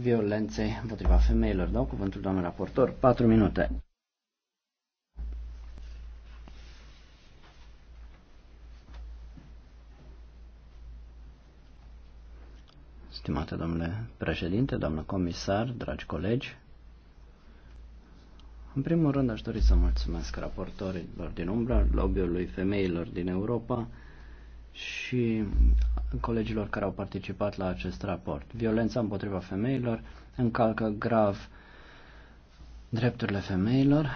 violenței împotriva femeilor. Dau cuvântul doamnei raportor. 4 minute. Stimate domnule președinte, doamnă comisar, dragi colegi, în primul rând aș dori să mulțumesc raportorilor din umbră, lobby-ului femeilor din Europa, și colegilor care au participat la acest raport. Violența împotriva femeilor încalcă grav drepturile femeilor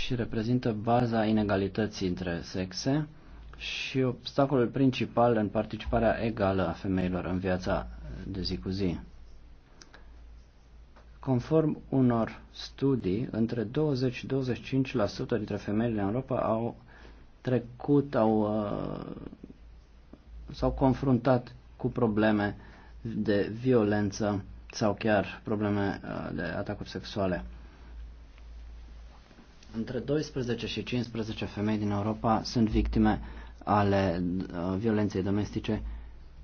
și reprezintă baza inegalității între sexe și obstacolul principal în participarea egală a femeilor în viața de zi cu zi. Conform unor studii, între 20 și 25% dintre femeile în Europa au trecut, au uh, s-au confruntat cu probleme de violență sau chiar probleme uh, de atacuri sexuale. Între 12 și 15 femei din Europa sunt victime ale uh, violenței domestice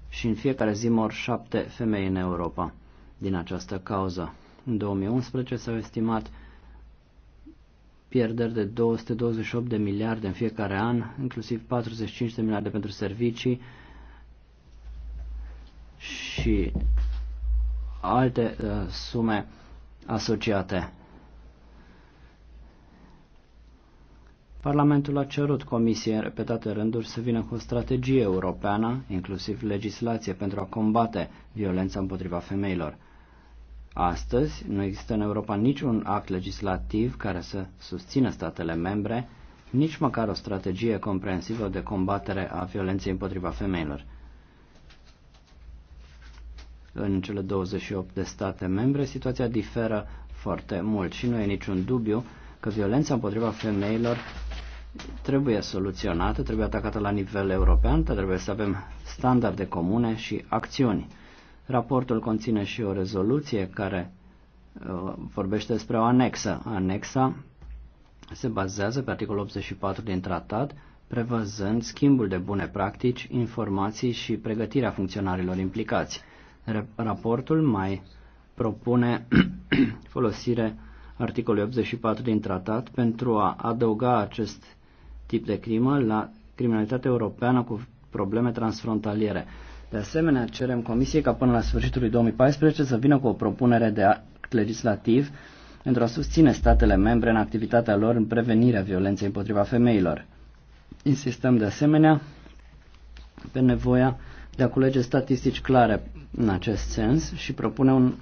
și în fiecare zi mor șapte femei în Europa din această cauză. În 2011 s-au estimat pierderi de 228 de miliarde în fiecare an, inclusiv 45 de miliarde pentru servicii, și alte uh, sume asociate. Parlamentul a cerut Comisiei în repetate rânduri să vină cu o strategie europeană, inclusiv legislație, pentru a combate violența împotriva femeilor. Astăzi nu există în Europa niciun act legislativ care să susțină statele membre, nici măcar o strategie comprehensivă de combatere a violenței împotriva femeilor în cele 28 de state membre, situația diferă foarte mult și nu e niciun dubiu că violența împotriva femeilor trebuie soluționată, trebuie atacată la nivel european, trebuie să avem standarde comune și acțiuni. Raportul conține și o rezoluție care uh, vorbește despre o anexă. Anexa se bazează pe articolul 84 din tratat, prevăzând schimbul de bune practici, informații și pregătirea funcționarilor implicați. Raportul mai propune folosire articolului 84 din tratat pentru a adăuga acest tip de crimă la criminalitatea europeană cu probleme transfrontaliere. De asemenea, cerem Comisiei ca până la sfârșitul lui 2014 să vină cu o propunere de act legislativ pentru a susține statele membre în activitatea lor în prevenirea violenței împotriva femeilor. Insistăm de asemenea pe nevoia de a culege statistici clare în acest sens și propune un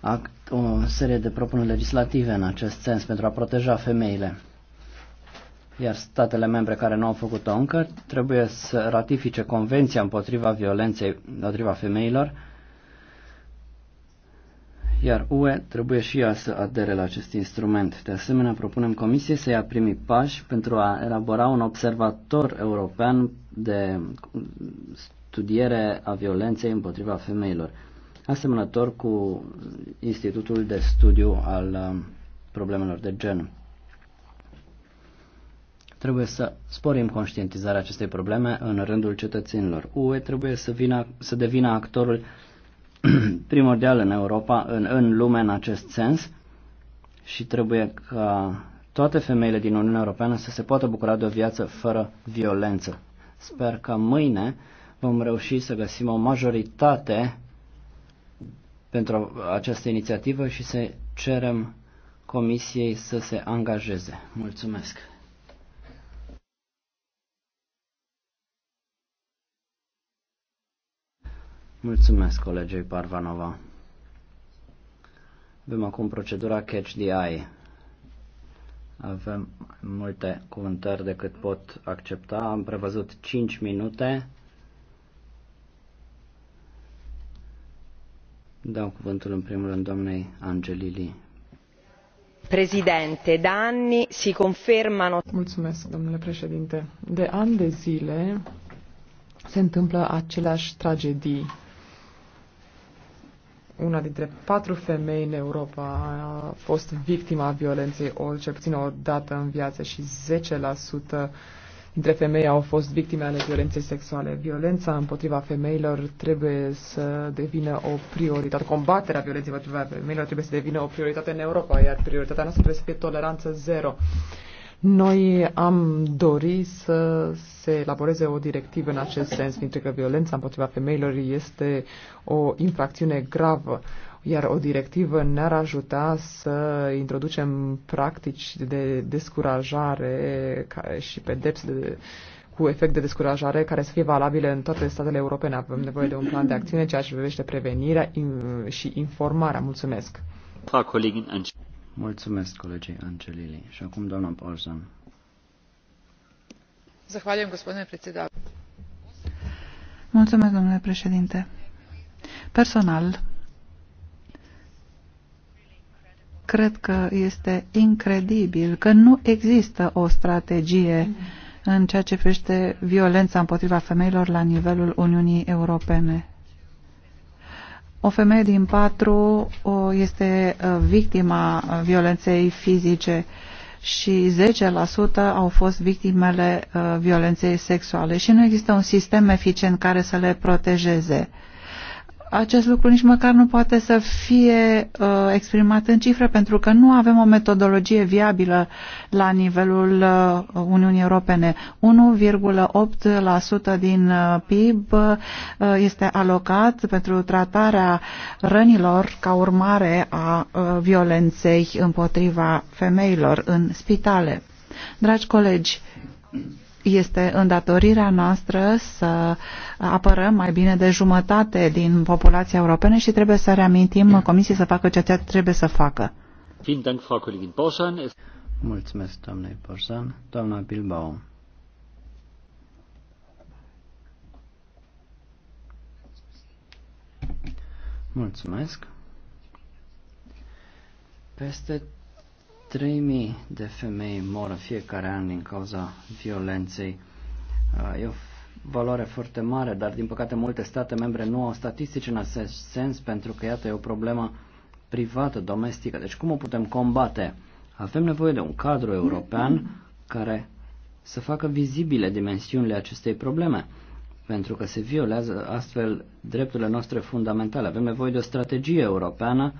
act, o serie de propuneri legislative în acest sens pentru a proteja femeile. Iar statele membre care nu au făcut-o încă trebuie să ratifice Convenția împotriva violenței împotriva femeilor, iar UE trebuie și ea să adere la acest instrument. De asemenea, propunem Comisiei să ia primii pași pentru a elabora un observator european de studiere a violenței împotriva femeilor, asemănător cu Institutul de Studiu al um, Problemelor de Gen. Trebuie să sporim conștientizarea acestei probleme în rândul cetățenilor. UE trebuie să, vină, să devină actorul primordial în Europa, în, în lume în acest sens și trebuie ca toate femeile din Uniunea Europeană să se poată bucura de o viață fără violență. Sper că mâine vom reuși să găsim o majoritate pentru această inițiativă și să cerem Comisiei să se angajeze. Mulțumesc! Mulțumesc colegei Parvanova. Avem acum procedura Catch the Eye. Avem multe cuvântări decât pot accepta. Am prevăzut 5 minute. Dau cuvântul în primul rând doamnei Angelili. Președinte, da anni si confermano. Mulțumesc, domnule președinte. De ani de zile se întâmplă aceleași tragedii una dintre patru femei în Europa a fost victima violenței, o, cel puțin o dată în viață și 10% dintre femei au fost victime ale violenței sexuale. Violența împotriva femeilor trebuie să devină o prioritate. Combaterea violenței împotriva femeilor trebuie să devină o prioritate în Europa, iar prioritatea noastră trebuie să fie toleranță zero. Uh, noi am dorit să se elaboreze o directivă în acest sens, pentru că violența împotriva femeilor este o infracțiune gravă, iar o directivă ne-ar ajuta să introducem practici de descurajare și pedepse de, cu efect de descurajare care să fie valabile în toate statele europene. Avem nevoie de un plan de acțiune ceea ce privește prevenirea și informarea. Mulțumesc! Mulțumesc, colegii Angelili. Și acum, doamna Porzan. Zahvaljujem, gospodine președinte. Mulțumesc, domnule președinte. Personal, cred că este incredibil că nu există o strategie în ceea ce privește violența împotriva femeilor la nivelul Uniunii Europene. O femeie din patru este ă, victima ă, violenței fizice și 10% au fost victimele ă, violenței sexuale și nu există un sistem eficient care să le protejeze acest lucru nici măcar nu poate să fie uh, exprimat în cifre, pentru că nu avem o metodologie viabilă la nivelul uh, Uniunii Europene. 1,8% din uh, PIB uh, este alocat pentru tratarea rănilor ca urmare a uh, violenței împotriva femeilor în spitale. Dragi colegi, este îndatorirea noastră să apărăm mai bine de jumătate din populația europene și trebuie să reamintim Comisiei să facă ceea ce trebuie să facă. Mulțumesc, doamne Borsan. Doamna Bilbao. Mulțumesc. Peste 3000 de femei mor în fiecare an din cauza violenței. Uh, e o valoare foarte mare, dar din păcate multe state membre nu au statistici în acest sens pentru că, iată, e o problemă privată, domestică. Deci cum o putem combate? Avem nevoie de un cadru european care să facă vizibile dimensiunile acestei probleme, pentru că se violează astfel drepturile noastre fundamentale. Avem nevoie de o strategie europeană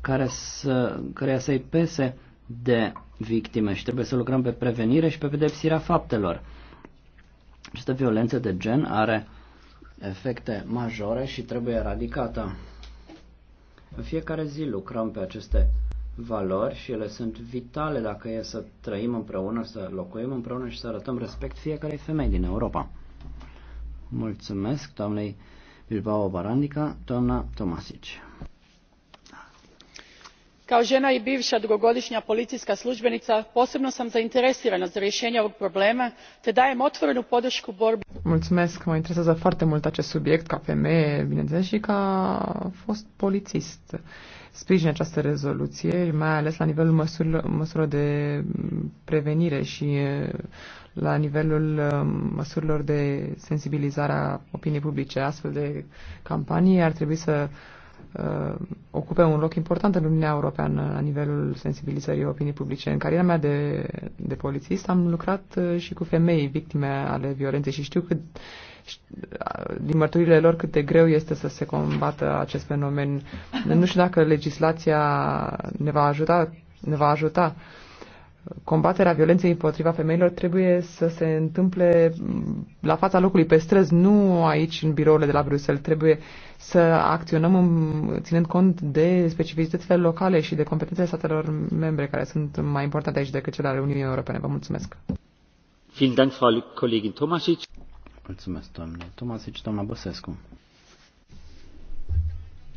care să, care să-i pese de victime și trebuie să lucrăm pe prevenire și pe pedepsirea faptelor. Această violență de gen are efecte majore și trebuie eradicată. În fiecare zi lucrăm pe aceste valori și ele sunt vitale dacă e să trăim împreună, să locuim împreună și să arătăm respect fiecarei femei din Europa. Mulțumesc doamnei Bilbao Barandica, doamna Tomasici kao ena i biva dugogodinja policijska slubenica posebno sam zainteresirana za rjeenje ovog problema te dajem otvorenu podrku borbi. Mulțumesc, mă interesează foarte mult acest subiect ca femeie, bineînțeles, și ca fost polițist. Sprijin această rezoluție, mai ales la nivelul măsurilor, măsurilor de prevenire și la nivelul măsurilor de sensibilizare a opiniei publice. Astfel de campanii ar trebui să Uh, ocupe un loc important în Uniunea Europeană la nivelul sensibilizării opinii publice. În cariera mea de, de polițist am lucrat uh, și cu femei victime ale violenței și știu cât uh, din mărturile lor cât de greu este să se combată acest fenomen. Nu știu dacă legislația ne va ajuta, ne va ajuta uh, combaterea violenței împotriva femeilor trebuie să se întâmple mm, la fața locului pe străzi, nu aici în birourile de la Bruxelles. Trebuie să acționăm în, ținând cont de specificitățile locale și de competențele statelor membre care sunt mai importante aici decât cele ale Uniunii Europene. Vă mulțumesc. Mulțumesc, doamne Tomasic, doamna Băsescu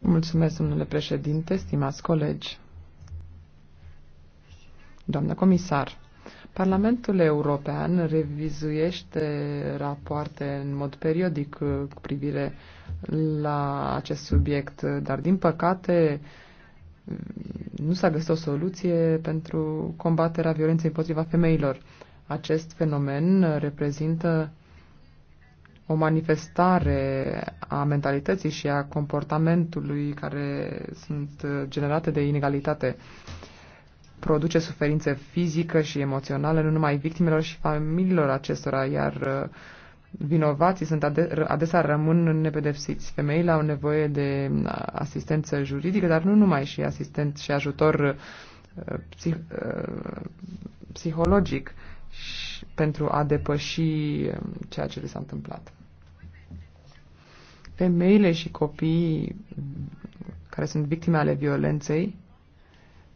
Mulțumesc, domnule președinte, stimați colegi. Doamnă comisar, Parlamentul European revizuiește rapoarte în mod periodic cu privire la acest subiect, dar din păcate nu s-a găsit o soluție pentru combaterea violenței împotriva femeilor. Acest fenomen reprezintă o manifestare a mentalității și a comportamentului care sunt generate de inegalitate produce suferință fizică și emoțională nu numai victimelor și familiilor acestora, iar uh, vinovații sunt ade- adesea rămân nepedepsiți. Femeile au nevoie de uh, asistență juridică, dar nu numai și asistent și ajutor uh, psih- psihologic pentru a depăși um, ceea ce le s-a întâmplat. Femeile și copiii mm, care sunt victime ale violenței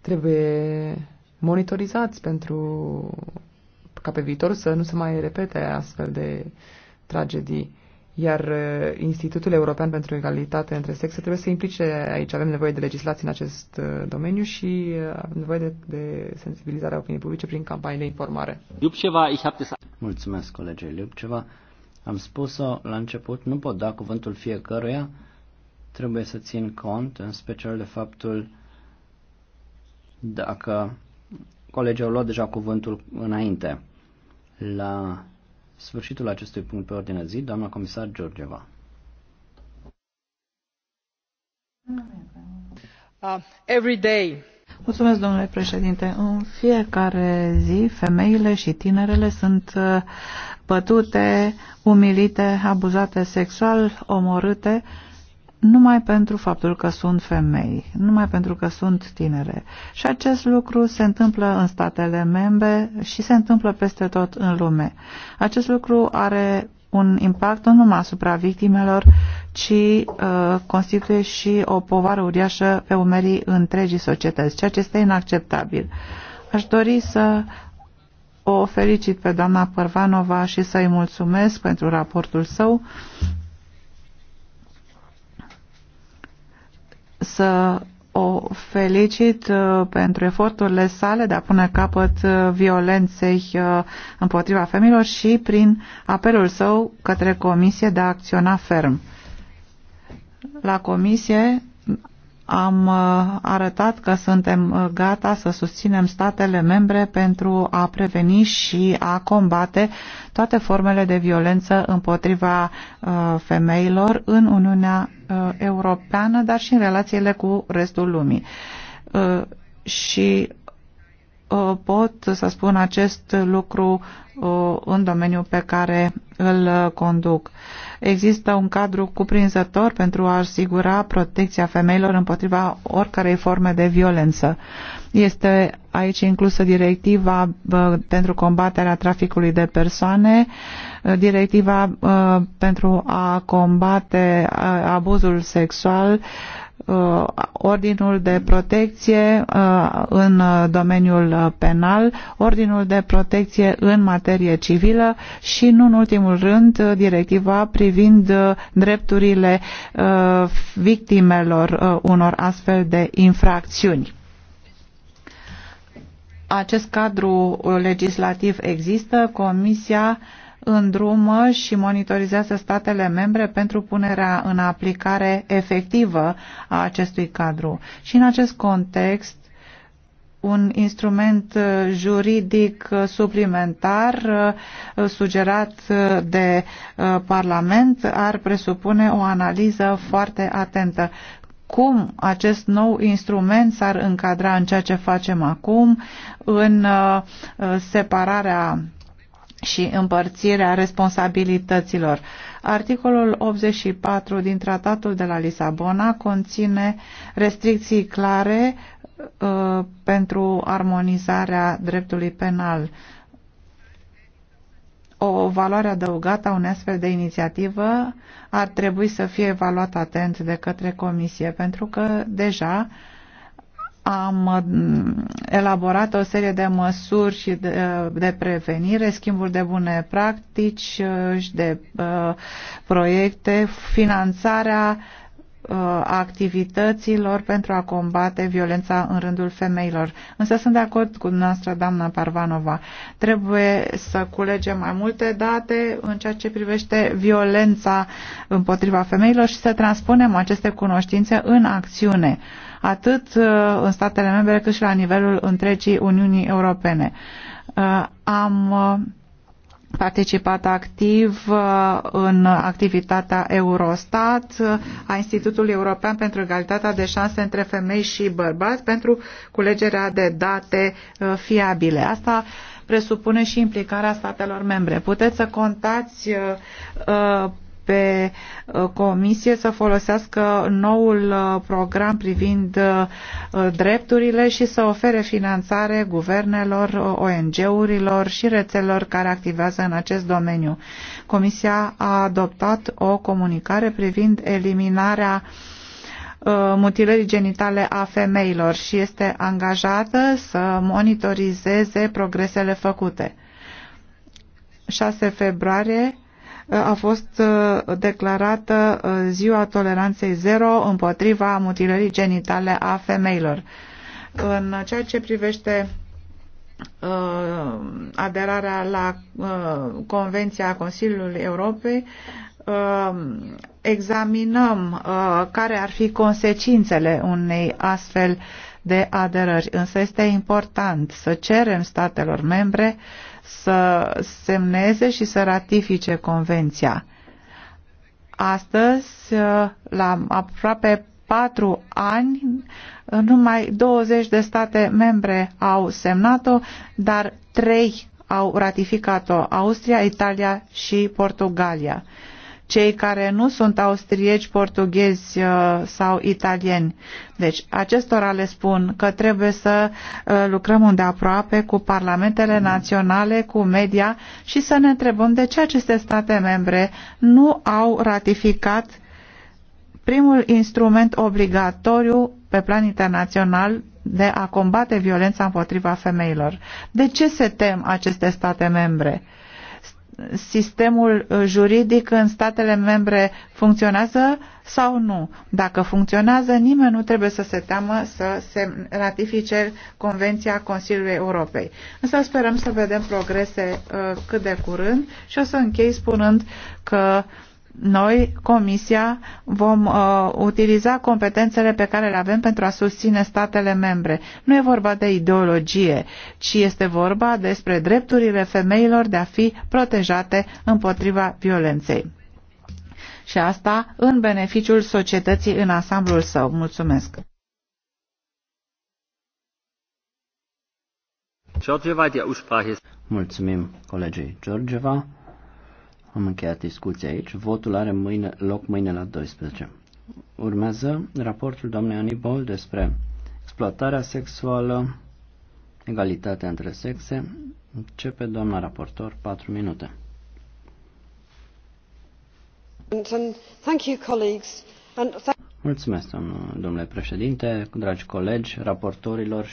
trebuie monitorizați pentru ca pe viitor să nu se mai repete astfel de tragedii iar uh, Institutul European pentru Egalitate între Sexe trebuie să implice aici. Avem nevoie de legislație în acest uh, domeniu și uh, avem nevoie de, de sensibilizarea opiniei publice prin campanii de informare. Iubceva, Mulțumesc, colegii Iubceva. Am spus-o la început, nu pot da cuvântul fiecăruia, trebuie să țin cont, în special de faptul dacă colegii au luat deja cuvântul înainte. La sfârșitul acestui punct pe ordinea zi, doamna comisar Georgeva. Uh, every day. Mulțumesc, domnule președinte. În fiecare zi, femeile și tinerele sunt uh, bătute, umilite, abuzate sexual, omorâte numai pentru faptul că sunt femei, numai pentru că sunt tinere. Și acest lucru se întâmplă în statele membre și se întâmplă peste tot în lume. Acest lucru are un impact nu numai asupra victimelor, ci uh, constituie și o povară uriașă pe umerii întregii societăți, ceea ce este inacceptabil. Aș dori să o felicit pe doamna Părvanova și să-i mulțumesc pentru raportul său să o felicit uh, pentru eforturile sale de a pune capăt uh, violenței uh, împotriva femeilor și prin apelul său către Comisie de a acționa ferm. La Comisie am uh, arătat că suntem uh, gata să susținem statele membre pentru a preveni și a combate toate formele de violență împotriva uh, femeilor în Uniunea Europeană, dar și în relațiile cu restul lumii. Și pot să spun acest lucru în domeniul pe care îl conduc. Există un cadru cuprinzător pentru a asigura protecția femeilor împotriva oricărei forme de violență. Este aici inclusă directiva uh, pentru combaterea traficului de persoane, uh, directiva uh, pentru a combate abuzul sexual, Uh, ordinul de protecție uh, în uh, domeniul penal, ordinul de protecție în materie civilă și, nu în ultimul rând, directiva privind drepturile victimelor unor astfel de infracțiuni acest cadru legislativ există, Comisia îndrumă și monitorizează statele membre pentru punerea în aplicare efectivă a acestui cadru. Și în acest context, un instrument uh, juridic uh, suplimentar uh, sugerat de Parlament ar presupune o analiză foarte atentă. Cum acest nou instrument s-ar încadra în ceea ce facem acum, în separarea și împărțirea responsabilităților. Articolul 84 din Tratatul de la Lisabona conține restricții clare uh, pentru armonizarea dreptului penal. O valoare adăugată a unei astfel de inițiativă ar trebui să fie evaluată atent de către Comisie, pentru că deja uh, am mm, elaborat o serie de măsuri și de, de prevenire, schimburi de bune practici uh, și de uh, proiecte, finanțarea uh, activităților pentru a combate violența în rândul femeilor. Însă sunt de acord cu dumneavoastră, doamna Parvanova. Trebuie să culegem mai multe date în ceea ce privește violența împotriva femeilor și să transpunem aceste cunoștințe în acțiune. Uh, atât uh, în statele membre cât și la nivelul întregii Uniunii Europene. Uh, am uh, participat activ în activitatea Eurostat a Institutului European pentru Egalitatea de Șanse între Femei și Bărbați pentru culegerea de date fiabile. Asta presupune și implicarea statelor membre. Puteți să contați pe uh, comisie să folosească noul uh, program privind uh, drepturile și să ofere finanțare guvernelor, ONG-urilor și rețelor care activează în acest domeniu. Comisia a adoptat o comunicare privind eliminarea mutilării genitale a femeilor și este angajată să monitorizeze progresele făcute. 6 februarie a fost uh, declarată uh, ziua toleranței zero împotriva mutilării genitale a femeilor. În ceea ce privește uh, aderarea la Convenția Consiliului Europei, examinăm care ar fi consecințele unei astfel de aderări. Însă este important să cerem statelor membre uh, să semneze și să ratifice convenția. Astăzi, la aproape patru ani, numai 20 de state membre au semnat-o, dar trei au ratificat-o, Austria, Italia și Portugalia cei care nu sunt austrieci, portughezi uh, sau italieni. Deci, acestora le spun că trebuie să uh, lucrăm îndeaproape cu parlamentele mm. naționale, cu media și să ne întrebăm de ce aceste state membre nu au ratificat primul instrument obligatoriu pe plan internațional de a combate violența împotriva femeilor. De ce se tem aceste state membre? Uh, sistemul uh, juridic în statele membre funcționează sau nu. Dacă funcționează, nimeni nu trebuie să se teamă să se ratifice Convenția Consiliului Europei. Însă sperăm să vedem progrese uh, cât de curând și o să închei spunând că uh, noi, Comisia, vom uh, utiliza competențele pe care le avem pentru a susține statele membre. Nu e vorba de ideologie, ci este vorba despre drepturile femeilor de a fi protejate împotriva violenței. Și asta în beneficiul societății în ansamblul său. Mulțumesc! Mulțumim colegii Georgeva. Am încheiat discuția aici. Votul are mâine, loc mâine la 12. Urmează raportul doamnei Anibol despre exploatarea sexuală, egalitatea între sexe. Începe doamna raportor, 4 minute. Mulțumesc, domnule președinte, dragi colegi, raportorilor